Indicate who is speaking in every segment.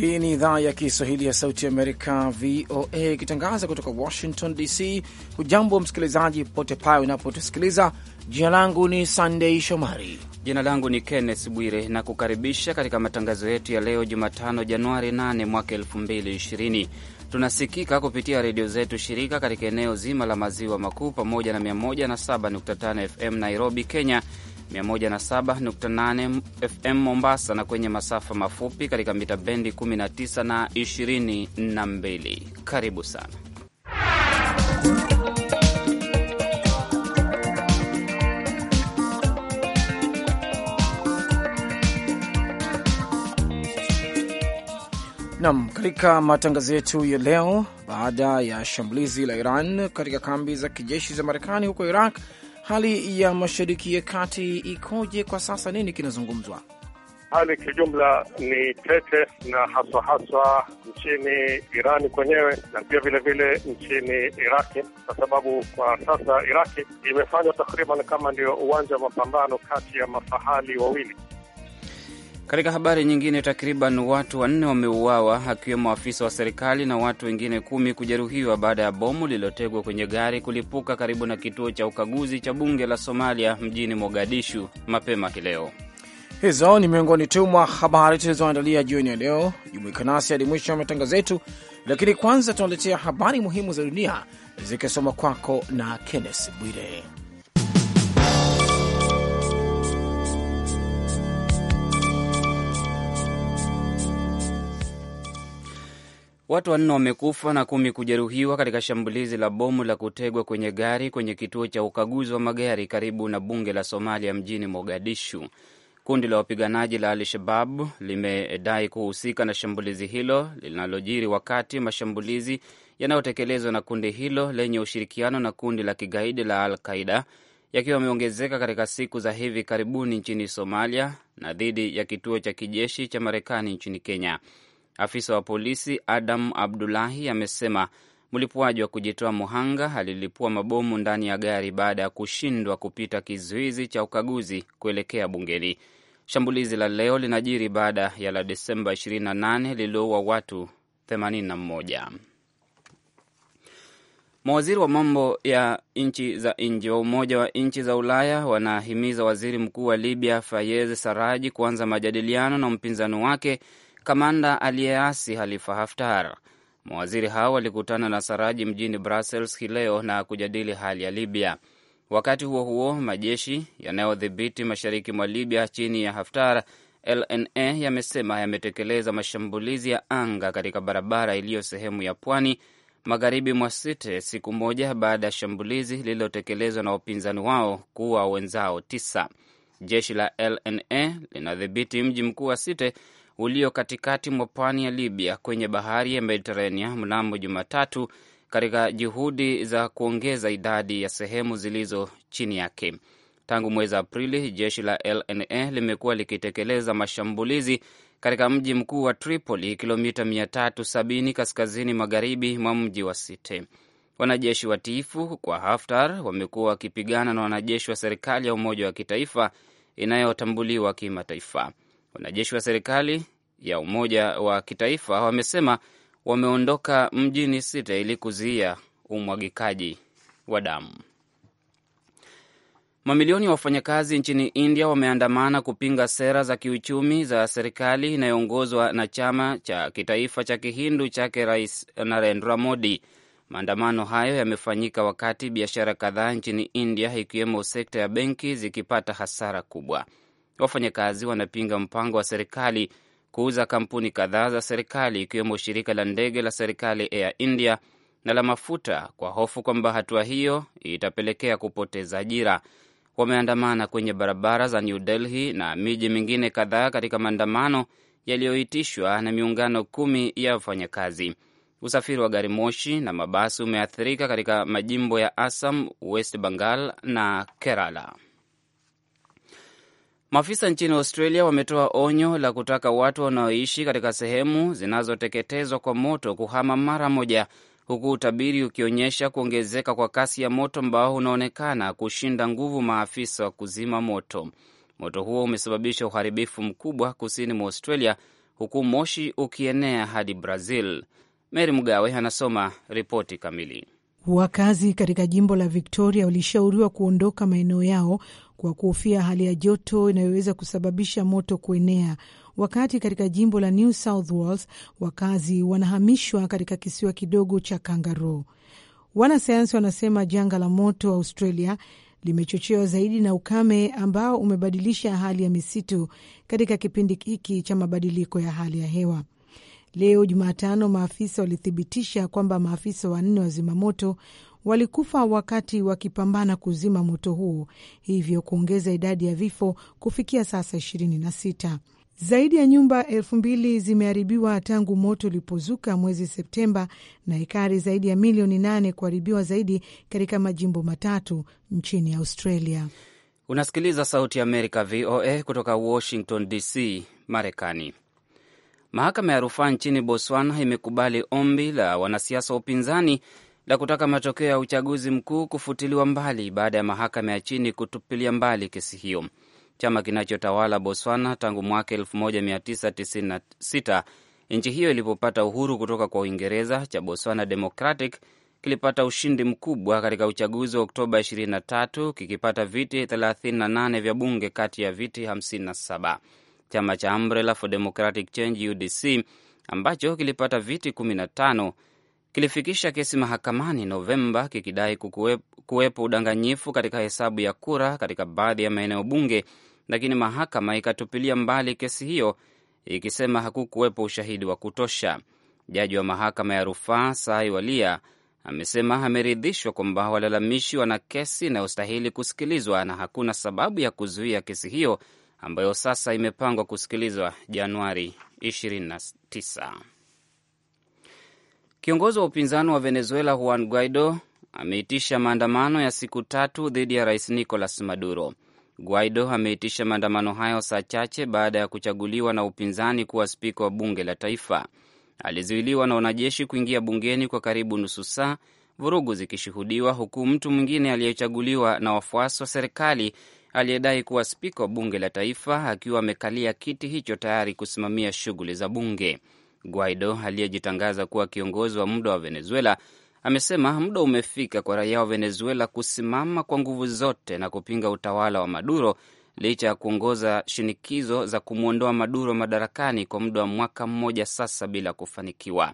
Speaker 1: Hii ni idhaa ya Kiswahili ya Sauti Amerika, VOA, ikitangaza kutoka Washington DC. Hujambo msikilizaji popote pale unapotusikiliza. Jina langu ni Sandei Shomari.
Speaker 2: Jina langu ni Kenneth Bwire na kukaribisha katika matangazo yetu ya leo Jumatano, Januari 8 mwaka 2020. Tunasikika kupitia redio zetu shirika katika eneo zima la maziwa makuu pamoja na 107.5 FM Nairobi, Kenya 107.8 FM Mombasa na kwenye masafa mafupi katika mita bendi 19 na 22. Karibu sana.
Speaker 1: Nam, katika matangazo yetu ya leo, baada ya shambulizi la Iran katika kambi za kijeshi za Marekani huko Iraq hali ya Mashariki ya Kati ikoje kwa sasa? Nini kinazungumzwa?
Speaker 3: Hali kijumla ni tete, na haswa haswa nchini Irani kwenyewe na pia vilevile nchini Iraki, kwa sababu kwa sasa Iraki imefanywa takriban kama ndio uwanja wa mapambano kati ya mafahali wawili
Speaker 2: katika habari nyingine, takriban watu wanne wameuawa akiwemo afisa wa serikali na watu wengine kumi kujeruhiwa baada ya bomu lililotegwa kwenye gari kulipuka karibu na kituo cha ukaguzi cha bunge la Somalia mjini Mogadishu mapema kileo.
Speaker 1: Hizo ni miongoni tu mwa habari tulizoandalia jioni ya leo. Jumuika nasi hadi mwisho wa matangazo yetu, lakini kwanza tunaletea habari muhimu za dunia zikisoma kwako na Kenneth Bwire.
Speaker 2: Watu wanne wamekufa na kumi kujeruhiwa katika shambulizi la bomu la kutegwa kwenye gari kwenye kituo cha ukaguzi wa magari karibu na bunge la Somalia mjini Mogadishu. Kundi la wapiganaji la Al-Shabab limedai kuhusika na shambulizi hilo linalojiri wakati mashambulizi yanayotekelezwa na kundi hilo lenye ushirikiano na kundi la kigaidi la Al-Qaida yakiwa yameongezeka katika siku za hivi karibuni nchini Somalia na dhidi ya kituo cha kijeshi cha Marekani nchini Kenya. Afisa wa polisi Adam Abdulahi amesema mlipuaji wa kujitoa muhanga alilipua mabomu ndani ya gari baada ya kushindwa kupita kizuizi cha ukaguzi kuelekea bungeni. Shambulizi la leo linajiri baada ya la Desemba 28 lililoua watu 81. Mawaziri wa mambo ya nchi za nje wa Umoja wa Nchi za Ulaya wanahimiza waziri mkuu wa Libya Fayez Saraji kuanza majadiliano na mpinzani wake kamanda aliyeasi Halifa Haftar. Mawaziri hao walikutana na Saraji mjini Brussels hii leo na kujadili hali ya Libya. Wakati huo huo, majeshi yanayodhibiti mashariki mwa Libya chini ya Haftar, LNA, yamesema yametekeleza mashambulizi ya anga katika barabara iliyo sehemu ya pwani magharibi mwa Sirte, siku moja baada ya shambulizi lililotekelezwa na wapinzani wao kuwa wenzao tisa. Jeshi la LNA linadhibiti mji mkuu wa Sirte ulio katikati mwa pwani ya Libya kwenye bahari ya Mediterania mnamo Jumatatu katika juhudi za kuongeza idadi ya sehemu zilizo chini yake. Tangu mwezi Aprili, jeshi la LNA limekuwa likitekeleza mashambulizi katika mji mkuu wa Tripoli, kilomita 370 kaskazini magharibi mwa mji wa Site. Wanajeshi watiifu kwa Haftar wamekuwa wakipigana na wanajeshi wa serikali ya umoja wa kitaifa inayotambuliwa kimataifa. Wanajeshi wa serikali ya umoja wa kitaifa wamesema wameondoka mjini Sirte ili kuzuia umwagikaji wa damu. Mamilioni ya wafanyakazi nchini India wameandamana kupinga sera za kiuchumi za serikali inayoongozwa na chama cha kitaifa cha kihindu chake Rais Narendra Modi. Maandamano hayo yamefanyika wakati biashara kadhaa nchini India ikiwemo sekta ya benki zikipata hasara kubwa wafanyakazi wanapinga mpango wa serikali kuuza kampuni kadhaa za serikali ikiwemo shirika la ndege la serikali Air India na la mafuta kwa hofu kwamba hatua hiyo itapelekea kupoteza ajira. Wameandamana kwenye barabara za New Delhi na miji mingine kadhaa katika maandamano yaliyoitishwa na miungano kumi ya wafanyakazi. Usafiri wa gari moshi na mabasi umeathirika katika majimbo ya Assam, West Bengal na Kerala. Maafisa nchini Australia wametoa onyo la kutaka watu wanaoishi katika sehemu zinazoteketezwa kwa moto kuhama mara moja, huku utabiri ukionyesha kuongezeka kwa kasi ya moto ambao unaonekana kushinda nguvu maafisa wa kuzima moto. Moto huo umesababisha uharibifu mkubwa kusini mwa Australia, huku moshi ukienea hadi Brazil. Mary Mgawe anasoma ripoti kamili.
Speaker 4: Wakazi katika jimbo la Victoria walishauriwa kuondoka maeneo yao kwa kuhofia hali ya joto inayoweza kusababisha moto kuenea, wakati katika jimbo la New South Wales wakazi wanahamishwa katika kisiwa kidogo cha Kangaroo. Wanasayansi wanasema janga la moto Australia limechochewa zaidi na ukame ambao umebadilisha hali ya misitu katika kipindi hiki cha mabadiliko ya hali ya hewa. Leo Jumatano, maafisa walithibitisha kwamba maafisa wanne wa zimamoto walikufa wakati wakipambana kuzima moto huo, hivyo kuongeza idadi ya vifo kufikia sasa sita Zaidi ya nyumba elfu mbili zimeharibiwa tangu moto ulipozuka mwezi Septemba na ekari zaidi ya milioni nane kuharibiwa zaidi katika majimbo matatu nchini Australia.
Speaker 2: Unasikiliza Sauti ya Amerika, VOA, kutoka Washington DC, Marekani. Mahakama ya rufaa nchini Botswana imekubali ombi la wanasiasa wa upinzani la kutaka matokeo ya uchaguzi mkuu kufutiliwa mbali baada ya mahakama ya chini kutupilia mbali kesi hiyo. Chama kinachotawala Botswana tangu mwaka 1996 nchi hiyo ilipopata uhuru kutoka kwa Uingereza cha Botswana Democratic kilipata ushindi mkubwa katika uchaguzi wa Oktoba 23 kikipata viti 38 vya bunge kati ya viti 57 chama cha Umbrella for Democratic Change UDC ambacho kilipata viti 15 kilifikisha kesi mahakamani Novemba kikidai kuwepo udanganyifu katika hesabu ya kura katika baadhi ya maeneo bunge, lakini mahakama ikatupilia mbali kesi hiyo ikisema hakukuwepo ushahidi wa kutosha. Jaji wa mahakama ya rufaa Sai Walia amesema ameridhishwa kwamba walalamishi wana kesi inayostahili kusikilizwa na hakuna sababu ya kuzuia kesi hiyo ambayo sasa imepangwa kusikilizwa Januari 29. Kiongozi wa upinzani wa Venezuela Juan Guaido ameitisha maandamano ya siku tatu dhidi ya rais Nicolas Maduro. Guaido ameitisha maandamano hayo saa chache baada ya kuchaguliwa na upinzani kuwa spika wa bunge la taifa. Alizuiliwa na wanajeshi kuingia bungeni kwa karibu nusu saa, vurugu zikishuhudiwa, huku mtu mwingine aliyechaguliwa na wafuasi wa serikali aliyedai kuwa spika wa bunge la taifa akiwa amekalia kiti hicho tayari kusimamia shughuli za bunge. Guaido aliyejitangaza kuwa kiongozi wa muda wa Venezuela amesema muda umefika kwa raia wa Venezuela kusimama kwa nguvu zote na kupinga utawala wa Maduro licha ya kuongoza shinikizo za kumwondoa Maduro madarakani kwa muda wa mwaka mmoja sasa bila kufanikiwa.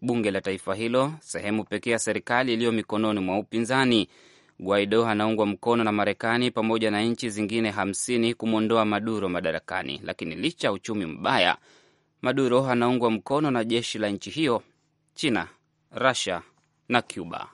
Speaker 2: Bunge la taifa hilo, sehemu pekee ya serikali iliyo mikononi mwa upinzani, Guaido anaungwa mkono na Marekani pamoja na nchi zingine hamsini kumwondoa Maduro madarakani, lakini licha ya uchumi mbaya, Maduro anaungwa mkono na jeshi la nchi hiyo, China, rasia na Cuba.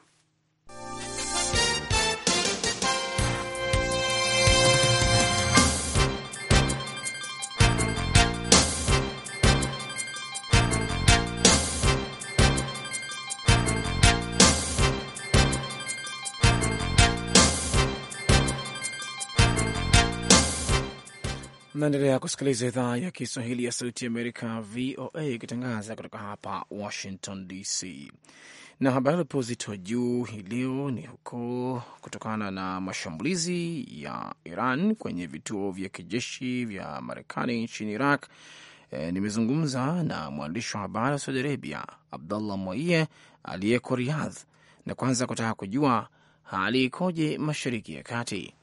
Speaker 1: Naendelea kusikiliza idhaa ya Kiswahili ya Sauti ya Amerika, VOA, ikitangaza kutoka hapa Washington DC. Na habari lipo uzito juu hii leo ni huko, kutokana na mashambulizi ya Iran kwenye vituo vya kijeshi vya Marekani nchini Iraq. E, nimezungumza na mwandishi wa habari wa Saudi Arabia Abdullah Mwaiye aliyeko Riyadh, na kwanza kutaka kujua hali ikoje mashariki ya kati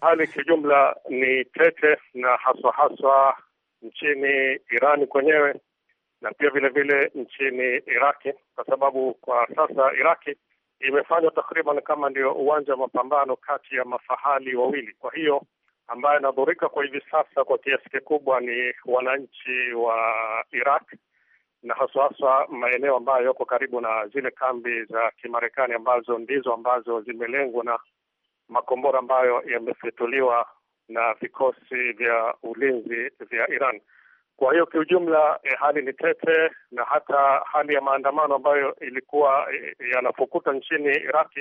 Speaker 3: hali kiujumla ni tete, na haswa haswa nchini Irani kwenyewe na pia vile vile nchini Iraki, kwa sababu kwa sasa Iraki imefanywa takriban kama ndio uwanja wa mapambano kati ya mafahali wawili. Kwa hiyo ambaye anadhurika kwa hivi sasa kwa kiasi kikubwa ni wananchi wa Iraq na haswa haswa maeneo ambayo yako karibu na zile kambi za Kimarekani ambazo ndizo ambazo zimelengwa na makombora ambayo yamefyatuliwa na vikosi vya ulinzi vya Iran. Kwa hiyo kiujumla, eh, hali ni tete, na hata hali ya maandamano ambayo ilikuwa eh, yanafukuta nchini Iraki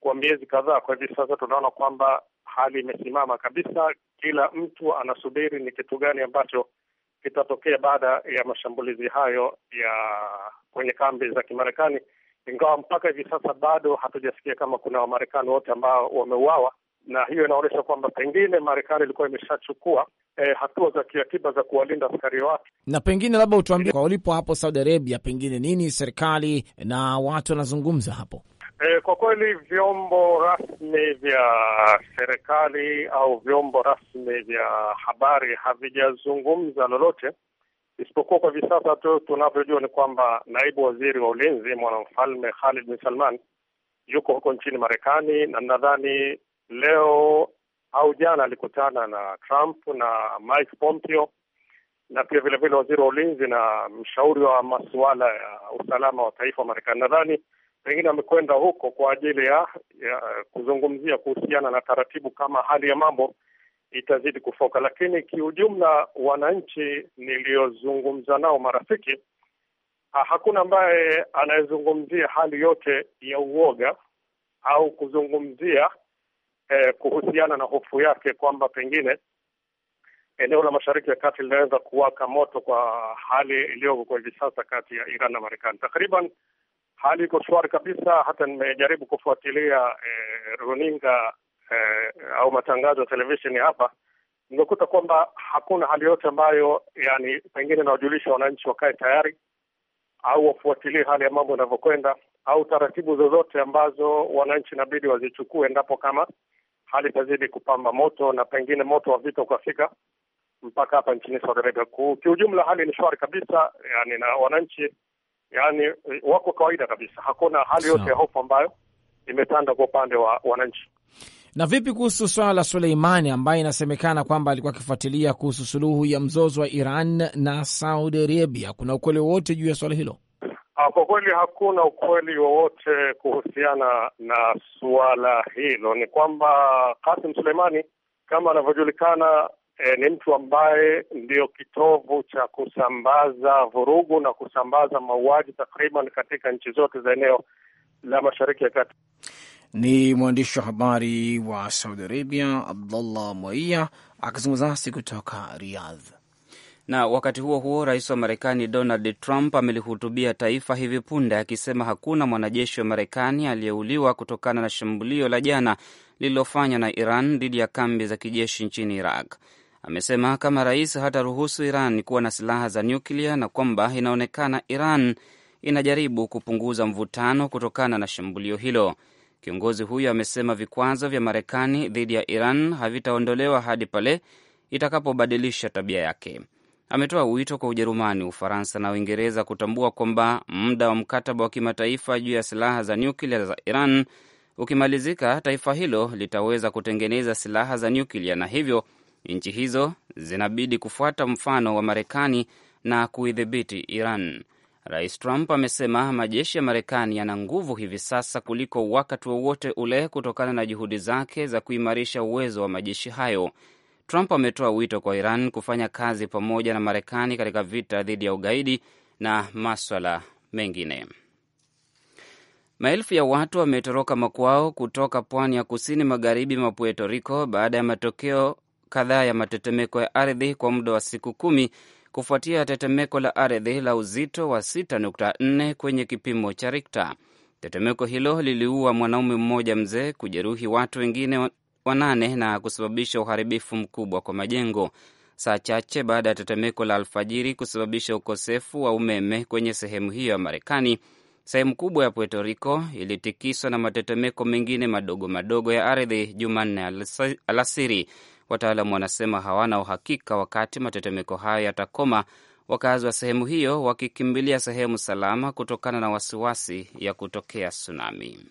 Speaker 3: kwa miezi kadhaa, kwa hivi sasa tunaona kwamba hali imesimama kabisa. Kila mtu anasubiri ni kitu gani ambacho kitatokea baada ya mashambulizi hayo ya kwenye kambi za Kimarekani ingawa mpaka hivi sasa bado hatujasikia kama kuna Wamarekani wote ambao wameuawa, na hiyo inaonyesha kwamba pengine Marekani ilikuwa imeshachukua eh, hatua za kiakiba za kuwalinda askari wake.
Speaker 1: Na pengine labda utuambie kwa ulipo hapo Saudi Arabia, pengine nini serikali na watu wanazungumza hapo?
Speaker 3: Eh, kwa kweli vyombo rasmi vya serikali au vyombo rasmi vya habari havijazungumza lolote isipokuwa kwa hivi sasa tu tunavyojua ni kwamba naibu waziri wa ulinzi mwanamfalme Khalid bin Salman yuko huko nchini Marekani, na nadhani leo au jana alikutana na Trump na Mike Pompeo na pia vile vile waziri wa ulinzi na mshauri wa masuala ya usalama wa taifa wa Marekani. Nadhani pengine amekwenda huko kwa ajili ya, ya kuzungumzia kuhusiana na taratibu kama hali ya mambo itazidi kufoka, lakini kiujumla, wananchi niliyozungumza nao, marafiki, hakuna ambaye anayezungumzia hali yote ya uoga au kuzungumzia eh, kuhusiana na hofu yake kwamba pengine eneo la Mashariki ya Kati linaweza kuwaka moto kwa hali iliyoko kwa hivi sasa kati ya Iran na Marekani. Takriban hali iko shwari kabisa. Hata nimejaribu kufuatilia eh, runinga eh, au matangazo ya televisheni hapa, nimekuta kwamba hakuna hali yote ambayo yani pengine nawajulisha wananchi wakae tayari au wafuatilie hali ya mambo inavyokwenda au taratibu zozote ambazo wananchi inabidi wazichukue endapo kama hali itazidi kupamba moto na pengine moto wa vita ukafika mpaka hapa nchini Saudi Arabia. Kiujumla hali ni shwari kabisa, yani na wananchi yani wako kawaida kabisa, hakuna hali yote ya hofu ambayo imetanda kwa upande wa wananchi.
Speaker 1: Na vipi kuhusu swala la Suleimani ambaye inasemekana kwamba alikuwa akifuatilia kuhusu suluhu ya mzozo wa Iran na Saudi Arabia? Kuna ukweli wowote juu ya swala hilo?
Speaker 3: Ah, kwa kweli hakuna ukweli wowote kuhusiana na suala hilo. Ni kwamba Kasim Suleimani kama anavyojulikana, e, ni mtu ambaye ndiyo kitovu cha kusambaza vurugu na kusambaza mauaji takriban katika nchi zote za eneo
Speaker 2: la Mashariki ya Kati.
Speaker 1: Ni mwandishi wa habari wa Saudi Arabia Abdullah Mwaiya akizungumza nasi kutoka Riyadh.
Speaker 2: Na wakati huo huo, rais wa Marekani Donald Trump amelihutubia taifa hivi punde akisema hakuna mwanajeshi wa Marekani aliyeuliwa kutokana na shambulio la jana lililofanywa na Iran dhidi ya kambi za kijeshi nchini Iraq. Amesema kama rais hataruhusu Iran kuwa na silaha za nyuklia na kwamba inaonekana Iran inajaribu kupunguza mvutano kutokana na shambulio hilo. Kiongozi huyo amesema vikwazo vya Marekani dhidi ya Iran havitaondolewa hadi pale itakapobadilisha tabia yake. Ametoa wito kwa Ujerumani, Ufaransa na Uingereza kutambua kwamba muda wa mkataba wa kimataifa juu ya silaha za nyuklia za Iran ukimalizika, taifa hilo litaweza kutengeneza silaha za nyuklia, na hivyo nchi hizo zinabidi kufuata mfano wa Marekani na kuidhibiti Iran. Rais Trump amesema majeshi ya Marekani yana nguvu hivi sasa kuliko wakati wowote ule kutokana na juhudi zake za kuimarisha uwezo wa majeshi hayo. Trump ametoa wito kwa Iran kufanya kazi pamoja na Marekani katika vita dhidi ya ugaidi na maswala mengine. Maelfu ya watu wametoroka makwao kutoka pwani ya kusini magharibi mwa Puerto Rico baada ya matokeo kadhaa ya matetemeko ya ardhi kwa muda wa siku kumi kufuatia tetemeko la ardhi la uzito wa 6.4 kwenye kipimo cha rikta Tetemeko hilo liliua mwanaume mmoja mzee, kujeruhi watu wengine wanane na kusababisha uharibifu mkubwa kwa majengo, saa chache baada ya tetemeko la alfajiri kusababisha ukosefu wa umeme kwenye sehemu hiyo ya Marekani. Sehemu kubwa ya Puerto Rico ilitikiswa na matetemeko mengine madogo madogo ya ardhi Jumanne alasiri wataalamu wanasema hawana uhakika wakati matetemeko hayo yatakoma, wakazi wa sehemu hiyo wakikimbilia sehemu salama kutokana na wasiwasi ya kutokea tsunami.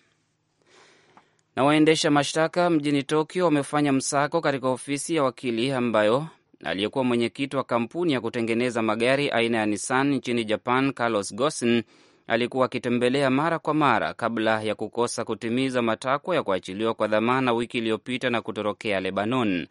Speaker 2: Na waendesha mashtaka mjini Tokyo wamefanya msako katika ofisi ya wakili ambayo aliyekuwa mwenyekiti wa kampuni ya kutengeneza magari aina ya Nissan nchini Japan, Carlos Ghosn alikuwa akitembelea mara kwa mara kabla ya kukosa kutimiza matakwa ya kuachiliwa kwa dhamana wiki iliyopita na kutorokea Lebanon.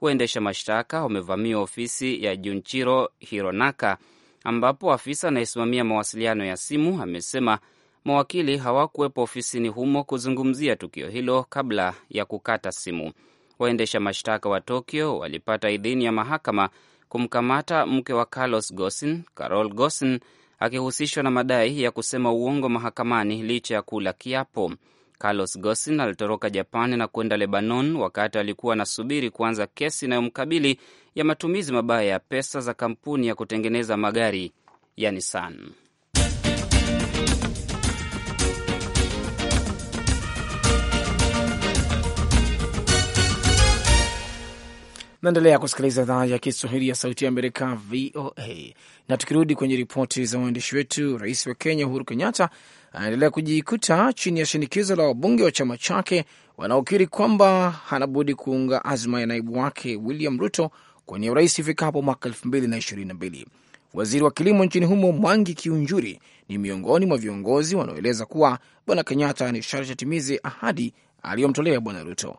Speaker 2: Waendesha mashtaka wamevamia ofisi ya Junichiro Hironaka ambapo afisa anayesimamia mawasiliano ya simu amesema mawakili hawakuwepo ofisini humo kuzungumzia tukio hilo kabla ya kukata simu. Waendesha mashtaka wa Tokyo walipata idhini ya mahakama kumkamata mke wa Carlos Gosin, Carol Gosin, akihusishwa na madai ya kusema uongo mahakamani licha ya kula kiapo. Carlos gosin alitoroka Japani na kwenda Lebanon wakati alikuwa anasubiri kuanza kesi inayomkabili ya matumizi mabaya ya pesa za kampuni ya kutengeneza magari ya Nissan.
Speaker 1: Naendelea kusikiliza idhaa ya Kiswahili ya Sauti ya Amerika, VOA. Na tukirudi kwenye ripoti za waandishi wetu, rais wa Kenya Uhuru Kenyatta anaendelea kujikuta chini ya shinikizo la wabunge wa chama chake wanaokiri kwamba hanabudi kuunga azma ya naibu wake William Ruto kwenye urais ifikapo mwaka elfu mbili na ishirini na mbili. Waziri wa kilimo nchini humo Mwangi Kiunjuri ni miongoni mwa viongozi wanaoeleza kuwa bwana Kenyatta ni sharti atimize ahadi aliyomtolea bwana Ruto.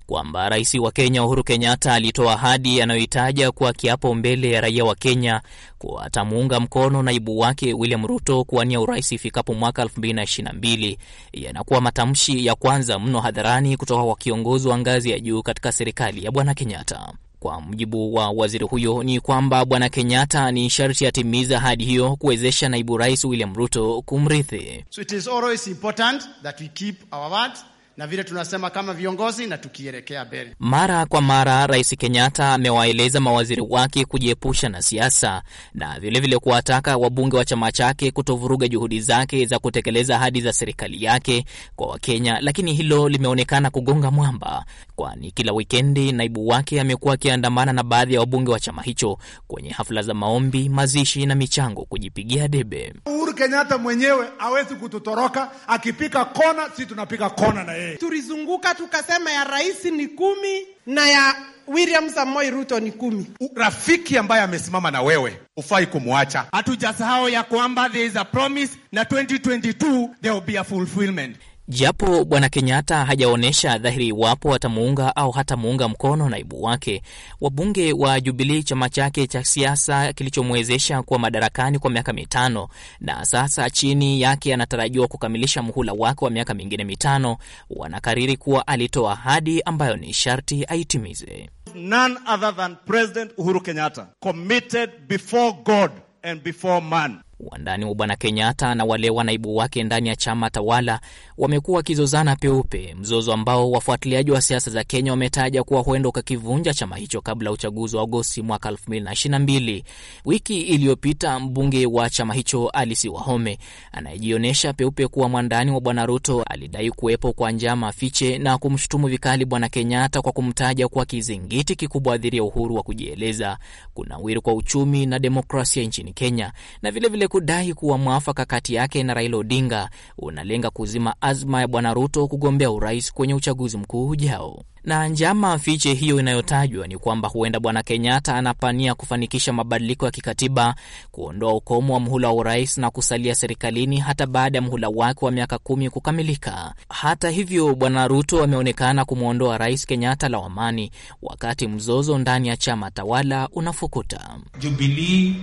Speaker 5: kwamba rais wa Kenya Uhuru Kenyatta alitoa ahadi yanayohitaja kuwa kiapo mbele ya raia wa Kenya kuwa atamuunga mkono naibu wake William Ruto kuwania urais ifikapo mwaka 2022 yanakuwa matamshi ya kwanza mno hadharani kutoka kwa kiongozi wa ngazi ya juu katika serikali ya Bwana Kenyatta. Kwa mujibu wa waziri huyo ni kwamba bwana Kenyatta ni sharti atimiza ahadi hiyo kuwezesha naibu rais William Ruto kumrithi.
Speaker 1: So it is always important that we keep our word na vile tunasema kama viongozi na tukielekea mbele.
Speaker 5: Mara kwa mara Rais Kenyatta amewaeleza mawaziri wake kujiepusha na siasa na vilevile kuwataka wabunge wa chama chake kutovuruga juhudi zake za kutekeleza ahadi za serikali yake kwa Wakenya, lakini hilo limeonekana kugonga mwamba, kwani kila wikendi naibu wake amekuwa akiandamana na baadhi ya wabunge wa chama hicho kwenye hafla za maombi, mazishi na michango kujipigia debe.
Speaker 4: Uhuru Kenyatta mwenyewe hawezi kututoroka, akipika kona si tunapika kona na hey. Tulizunguka tukasema ya rais ni kumi na ya William Samoei Ruto ni kumi. Rafiki ambaye
Speaker 5: amesimama na wewe hufai kumwacha. Hatujasahau ya kwamba there is a promise na 2022 there will be a fulfillment. Japo Bwana Kenyatta hajaonyesha dhahiri iwapo atamuunga au hatamuunga mkono naibu wake, wabunge wa Jubilii, chama chake cha siasa kilichomwezesha kuwa madarakani kwa miaka mitano, na sasa chini yake anatarajiwa kukamilisha mhula wake wa miaka mingine mitano, wanakariri kuwa alitoa ahadi ambayo ni sharti aitimize. None other than President Uhuru Kenyatta, committed before God and before man Wandani wa bwana Kenyatta na wale wanaibu wake ndani ya chama tawala wamekuwa wakizozana peupe, mzozo ambao wafuatiliaji wa siasa za Kenya wametaja kuwa huenda ukakivunja chama hicho kabla ya uchaguzi wa Agosti mwaka 2022. Wiki iliyopita mbunge wa chama hicho Alice Wahome, anayejionyesha peupe kuwa mwandani wa bwana Ruto, alidai kuwepo kwa njama fiche na kumshutumu vikali bwana Kenyatta kwa kumtaja kuwa kizingiti kikubwa dhidi ya uhuru wa kujieleza, kunawiri kwa uchumi na demokrasia nchini Kenya na vilevile vile kudai kuwa mwafaka kati yake na Raila Odinga unalenga kuzima azma ya Bwana Ruto kugombea urais kwenye uchaguzi mkuu ujao. Na njama fiche hiyo inayotajwa ni kwamba huenda Bwana Kenyatta anapania kufanikisha mabadiliko ya kikatiba, kuondoa ukomo wa mhula wa urais na kusalia serikalini hata baada ya mhula wake wa miaka kumi kukamilika. Hata hivyo, Bwana Ruto ameonekana kumwondoa Rais Kenyatta lawamani wakati mzozo ndani ya chama tawala unafukuta
Speaker 6: Jubilee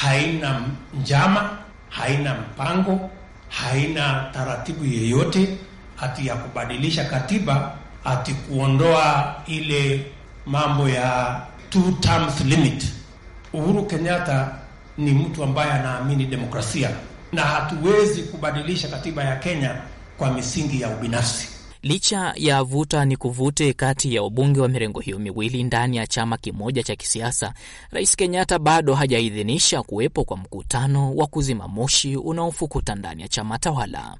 Speaker 6: haina njama, haina mpango, haina taratibu yeyote hati ya kubadilisha katiba, hati kuondoa ile mambo ya two terms limit. Uhuru Kenyatta ni mtu ambaye anaamini demokrasia na hatuwezi kubadilisha katiba ya Kenya kwa misingi ya ubinafsi.
Speaker 5: Licha ya vuta ni kuvute kati ya wabunge wa mirengo hiyo miwili ndani ya chama kimoja cha kisiasa, Rais Kenyatta bado hajaidhinisha kuwepo kwa mkutano wa kuzima moshi unaofukuta ndani ya chama tawala.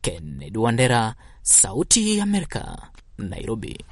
Speaker 5: Kennedy Wandera, Sauti ya Amerika, Nairobi.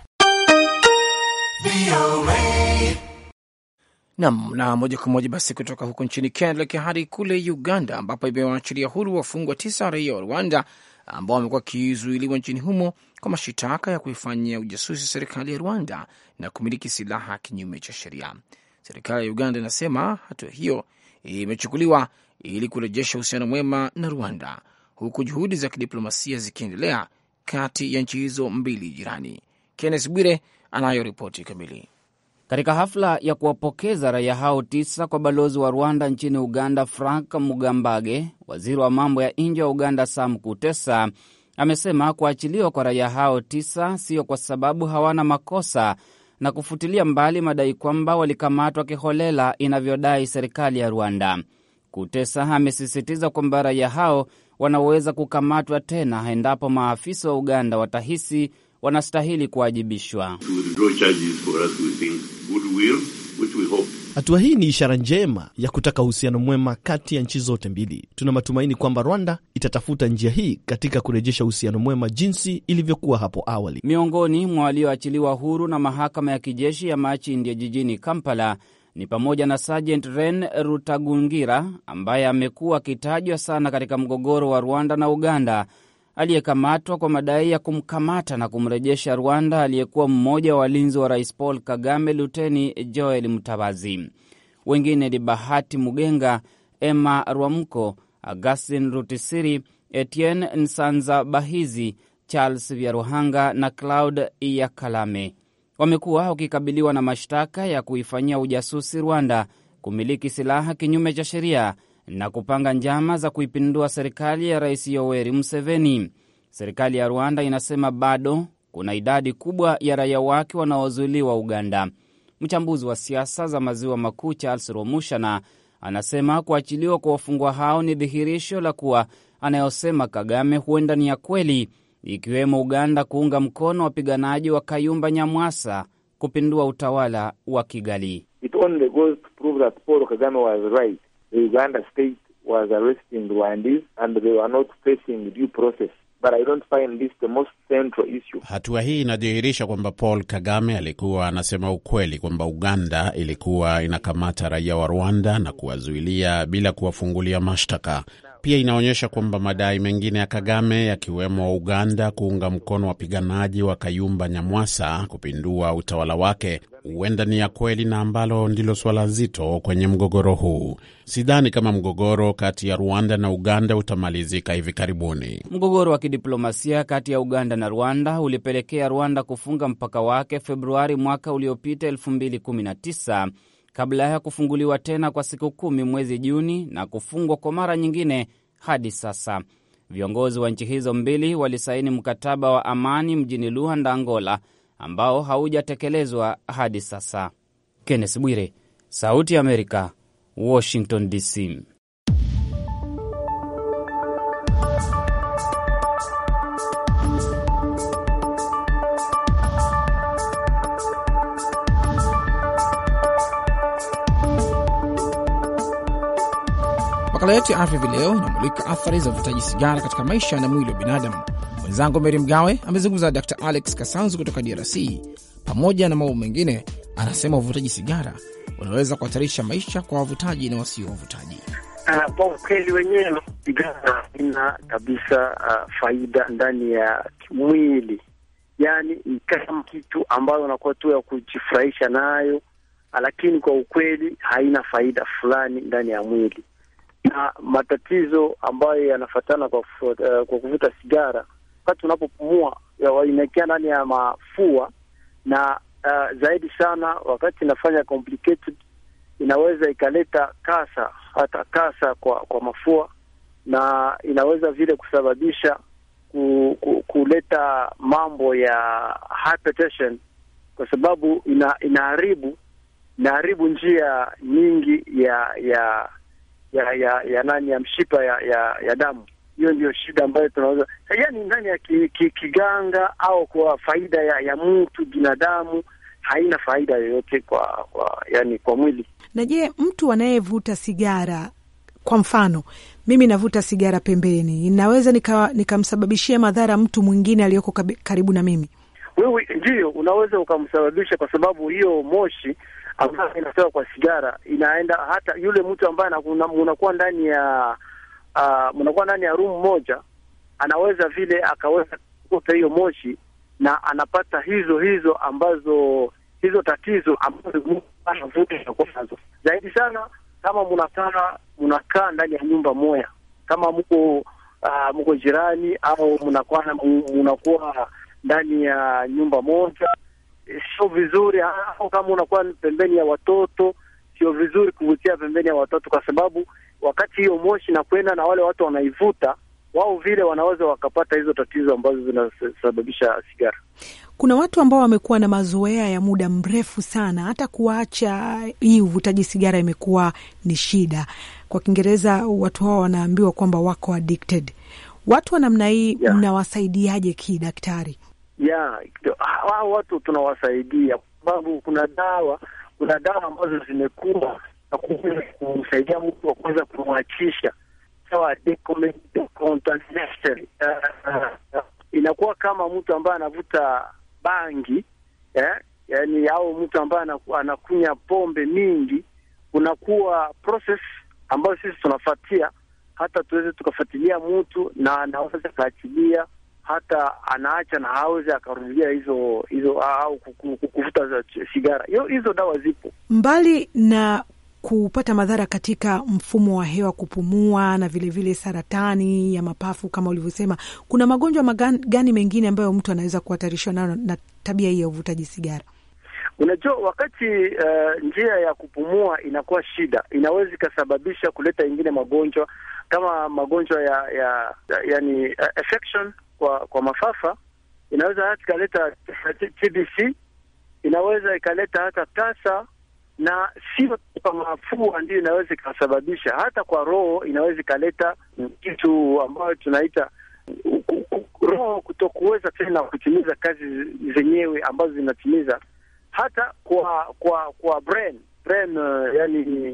Speaker 1: Nam na moja kwa moja basi kutoka huko nchini Kenya tuelekea hadi kule Uganda, ambapo imewaachilia huru wafungwa tisa raia wa Rwanda ambao wamekuwa wakizuiliwa nchini humo kwa mashitaka ya kuifanyia ujasusi serikali ya Rwanda na kumiliki silaha kinyume cha sheria. Serikali ya Uganda inasema hatua hiyo imechukuliwa ili kurejesha uhusiano mwema na Rwanda, huku juhudi za kidiplomasia zikiendelea kati ya nchi hizo mbili jirani. Kennes Bwire anayo ripoti kamili. Katika hafla ya kuwapokeza raia hao tisa
Speaker 2: kwa balozi wa Rwanda nchini Uganda Frank Mugambage, waziri wa mambo ya nje wa Uganda Sam Kutesa amesema kuachiliwa kwa raia hao tisa sio kwa sababu hawana makosa na kufutilia mbali madai kwamba walikamatwa kiholela inavyodai serikali ya Rwanda. Kutesa amesisitiza kwamba raia hao wanaweza kukamatwa tena endapo maafisa wa Uganda watahisi wanastahili kuwajibishwa
Speaker 4: will, which we hope.
Speaker 5: Hatua hii ni ishara njema ya kutaka uhusiano mwema kati ya nchi zote mbili. Tuna matumaini kwamba Rwanda itatafuta njia hii katika kurejesha uhusiano mwema jinsi ilivyokuwa hapo awali.
Speaker 2: Miongoni mwa walioachiliwa huru na mahakama ya kijeshi ya India jijini Kampala ni pamoja na Sergeant Ren Rutagungira ambaye amekuwa akitajwa sana katika mgogoro wa Rwanda na Uganda aliyekamatwa kwa madai ya kumkamata na kumrejesha Rwanda aliyekuwa mmoja wa walinzi wa rais Paul Kagame, Luteni Joel Mutabazi. Wengine ni Bahati Mugenga, Emma Rwamko, Augustin Rutisiri, Etienne Nsanza Bahizi, Charles Vyaruhanga na claud Iyakalame wamekuwa wakikabiliwa na mashtaka ya kuifanyia ujasusi Rwanda, kumiliki silaha kinyume cha sheria na kupanga njama za kuipindua serikali ya Rais Yoweri Museveni. Serikali ya Rwanda inasema bado kuna idadi kubwa ya raia wake wanaozuiliwa Uganda. Mchambuzi wa siasa za maziwa makuu Charles Romushana anasema kuachiliwa kwa wafungwa hao ni dhihirisho la kuwa anayosema Kagame huenda ni ya kweli, ikiwemo Uganda kuunga mkono wapiganaji wa Kayumba Nyamwasa kupindua utawala wa Kigali.
Speaker 6: It only goes to prove that Paul Kagame was right the Uganda state was arresting Rwandese and they were not facing due process. But I don't find this the most central issue.
Speaker 2: Hatua hii inadhihirisha kwamba Paul Kagame alikuwa anasema ukweli kwamba Uganda ilikuwa inakamata raia wa Rwanda na kuwazuilia bila kuwafungulia mashtaka pia inaonyesha kwamba madai mengine ya Kagame yakiwemo Uganda kuunga mkono wapiganaji wa Kayumba Nyamwasa kupindua utawala wake huenda ni ya kweli na ambalo ndilo swala zito kwenye mgogoro huu. Sidhani kama mgogoro kati ya Rwanda na Uganda utamalizika hivi karibuni. Mgogoro wa kidiplomasia kati ya Uganda na Rwanda ulipelekea Rwanda kufunga mpaka wake Februari mwaka uliopita kabla ya kufunguliwa tena kwa siku kumi mwezi Juni na kufungwa kwa mara nyingine hadi sasa. Viongozi wa nchi hizo mbili walisaini mkataba wa amani mjini Luanda, Angola, ambao haujatekelezwa hadi sasa. Kenneth Bwire, Sauti ya Amerika, Washington DC.
Speaker 1: Makala yetu ya afya hivi leo inamulika athari za uvutaji sigara katika maisha na mwili wa binadamu. Mwenzangu Meri Mgawe amezungumza na Dr Alex Kasanzu kutoka DRC. Pamoja na mambo mengine, anasema uvutaji sigara unaweza kuhatarisha maisha kwa wavutaji na wasio wavutaji.
Speaker 6: Uh, kwa ukweli wenyewe sigara haina kabisa uh, faida ndani ya mwili, yaani ni kama kitu ambayo unakuwa tu ya kujifurahisha nayo, lakini kwa ukweli haina faida fulani ndani ya mwili na matatizo ambayo yanafatana kwa, uh, kwa kuvuta sigara. Wakati unapopumua inaingia ndani ya mafua na uh, zaidi sana wakati inafanya complicated, inaweza ikaleta kasa, hata kasa kwa kwa mafua, na inaweza vile kusababisha ku, ku, kuleta mambo ya hypertension, kwa sababu ina, inaharibu inaharibu njia nyingi ya ya ya ya ya nani ya mshipa ya ya, ya damu. Hiyo ndio shida ambayo tunaweza yani ndani ya ki, ki, kiganga au kwa faida ya, ya mtu binadamu haina faida yoyote kwa, kwa yani kwa mwili.
Speaker 4: Na je, mtu anayevuta sigara kwa mfano mimi navuta sigara pembeni, naweza nikamsababishia nika madhara mtu mwingine aliyoko karibu na mimi?
Speaker 6: Wewe ndiyo unaweza ukamsababisha, kwa sababu hiyo moshi ambayo inatoka kwa sigara inaenda hata yule mtu ambaye mnakuwa ndani ya uh, ah, mnakuwa ndani ya room moja, anaweza vile akaweza kukuta hiyo moshi na anapata hizo hizo ambazo hizo tatizo ambazo nazo zaidi sana, kama mnakaa mnakaa ndani ya nyumba moya kama mko uh, mko jirani au mnakuwa ndani ya nyumba moja sio vizuri au kama unakuwa pembeni ya watoto, sio vizuri kuvutia pembeni ya watoto, kwa sababu wakati hiyo moshi na kwenda na wale watu wanaivuta wao, vile wanaweza wakapata hizo tatizo ambazo zinasababisha sigara.
Speaker 4: Kuna watu ambao wamekuwa na mazoea ya muda mrefu sana, hata kuacha hii uvutaji sigara imekuwa ni shida. Kwa Kiingereza watu hao wanaambiwa kwamba wako addicted. Watu wa namna hii yeah, mnawasaidiaje kidaktari?
Speaker 6: ya hawa watu tunawasaidia, kwa sababu kuna dawa kuna dawa ambazo zimekuwa na kuweza kumsaidia mtu wa kuweza kumwachisha sawa, inakuwa kama mtu ambaye anavuta bangi eh, yani au mtu ambaye anakunya pombe mingi, kunakuwa process ambayo sisi tunafuatia hata tuweze tukafuatilia mtu na anaweza kaachilia hata anaacha na hawezi akarudia hizo hizo au kuvuta sigara. Hiyo hizo dawa zipo.
Speaker 4: Mbali na kupata madhara katika mfumo wa hewa, kupumua na vilevile vile saratani ya mapafu kama ulivyosema, kuna magonjwa magani, gani mengine ambayo mtu anaweza kuhatarishwa nayo na tabia hii ya uvutaji sigara?
Speaker 6: Unajua, wakati uh, njia ya kupumua inakuwa shida, inaweza ikasababisha kuleta ingine magonjwa kama magonjwa ya, ya, ya yani, uh, kwa kwa mafafa inaweza hata ikaleta TBC, inaweza ikaleta hata tasa, na sio kwa mafua ndio inaweza ikasababisha, hata kwa roho inaweza ikaleta kitu ambayo tunaita roho kutokuweza tena kutimiza kazi zenyewe ambazo zinatimiza, hata kwa kwa kwa brain brain, uh, yani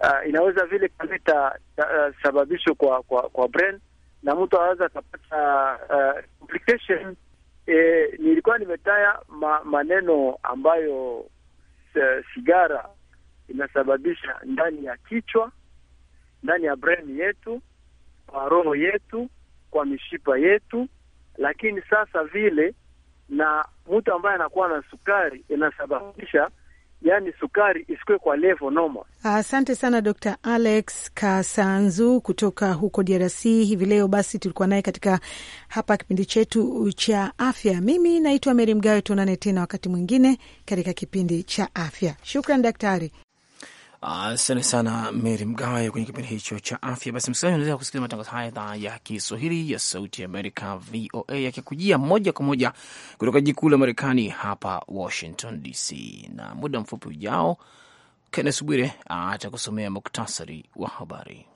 Speaker 6: uh, inaweza vile ikaleta uh, sababisho kwa kwa kwa brain na mtu aweza akapata uh, complication. E, eh, nilikuwa nimetaya ma, maneno ambayo uh, sigara inasababisha ndani ya kichwa, ndani ya brain yetu, kwa roho yetu, kwa mishipa yetu, lakini sasa vile na mtu ambaye anakuwa na sukari inasababisha yani sukari isikuwe kwa level normal.
Speaker 4: Asante sana Dr. Alex Kasanzu kutoka huko DRC hivi leo. Basi tulikuwa naye katika hapa kipindi chetu cha afya. Mimi naitwa Meri Mgawe, tuonane tena wakati mwingine katika kipindi cha afya. Shukran daktari.
Speaker 1: Asante uh, sana Mary Mgawe kwenye kipindi hicho cha afya. Basi msikilizaji, unaweza kusikiliza matangazo haya idhaa ya Kiswahili ya Sauti ya Amerika, VOA, yakikujia moja kwa moja kutoka jiji kuu la Marekani hapa Washington DC. Na muda mfupi ujao, Kennes Bwire atakusomea muktasari wa habari.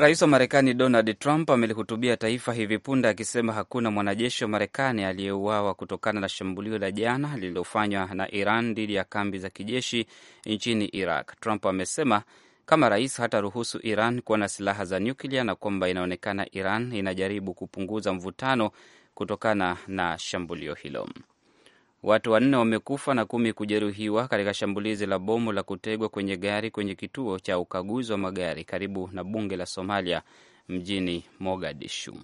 Speaker 2: Rais wa Marekani Donald Trump amelihutubia taifa hivi punde akisema hakuna mwanajeshi wa Marekani aliyeuawa kutokana na shambulio la jana lililofanywa na Iran dhidi ya kambi za kijeshi nchini Iraq. Trump amesema kama rais hataruhusu Iran kuwa na silaha za nyuklia na kwamba inaonekana Iran inajaribu kupunguza mvutano kutokana na shambulio hilo. Watu wanne wamekufa na kumi kujeruhiwa katika shambulizi la bomu la kutegwa kwenye gari kwenye kituo cha ukaguzi wa magari karibu na bunge la Somalia mjini Mogadishu.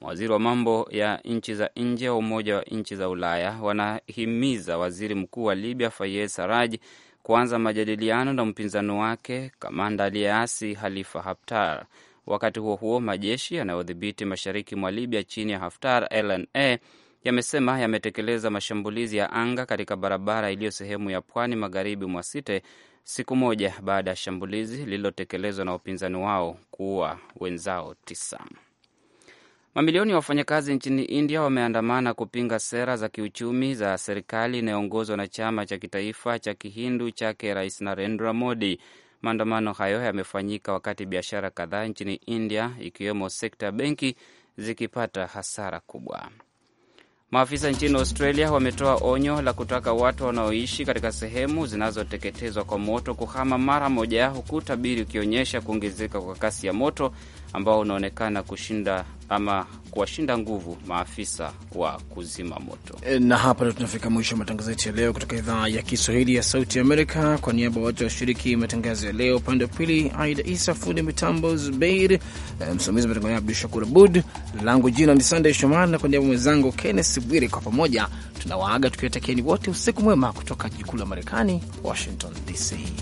Speaker 2: Mawaziri wa mambo ya nchi za nje wa Umoja wa Nchi za Ulaya wanahimiza waziri mkuu wa Libya Fayez Saraj kuanza majadiliano na mpinzani wake kamanda aliyeasi Halifa Haftar. Wakati huo huo, majeshi yanayodhibiti mashariki mwa Libya chini ya Haftar LNA yamesema yametekeleza mashambulizi ya anga katika barabara iliyo sehemu ya pwani magharibi mwa Site, siku moja baada ya shambulizi lililotekelezwa na upinzani wao kuua wenzao tisa. Mamilioni ya wafanyakazi nchini India wameandamana kupinga sera za kiuchumi za serikali inayoongozwa na chama cha kitaifa cha kihindu chake Rais Narendra Modi. Maandamano hayo yamefanyika wakati biashara kadhaa nchini India, ikiwemo sekta ya benki, zikipata hasara kubwa. Maafisa nchini Australia wametoa onyo la kutaka watu wanaoishi katika sehemu zinazoteketezwa kwa moto kuhama mara moja, huku hukutabiri ukionyesha kuongezeka kwa kasi ya moto ambao unaonekana kushinda ama kuwashinda nguvu maafisa wa kuzima moto.
Speaker 1: E, na hapa ndo tunafika mwisho wa matangazo yetu ya leo kutoka idhaa ya Kiswahili ya Sauti Amerika. Kwa niaba ya wote washiriki matangazo ya leo, upande wa pili Aida Isa, fundi mitambo Zubeir, e, msimamizi wa matangazo Abdu Shakur Abud, langu jina ni Sandey Shomari, na kwa niaba mwenzangu Kennes Bwiri, kwa pamoja tunawaaga tukiwatakieni wote usiku mwema kutoka jikuu la Marekani, Washington DC.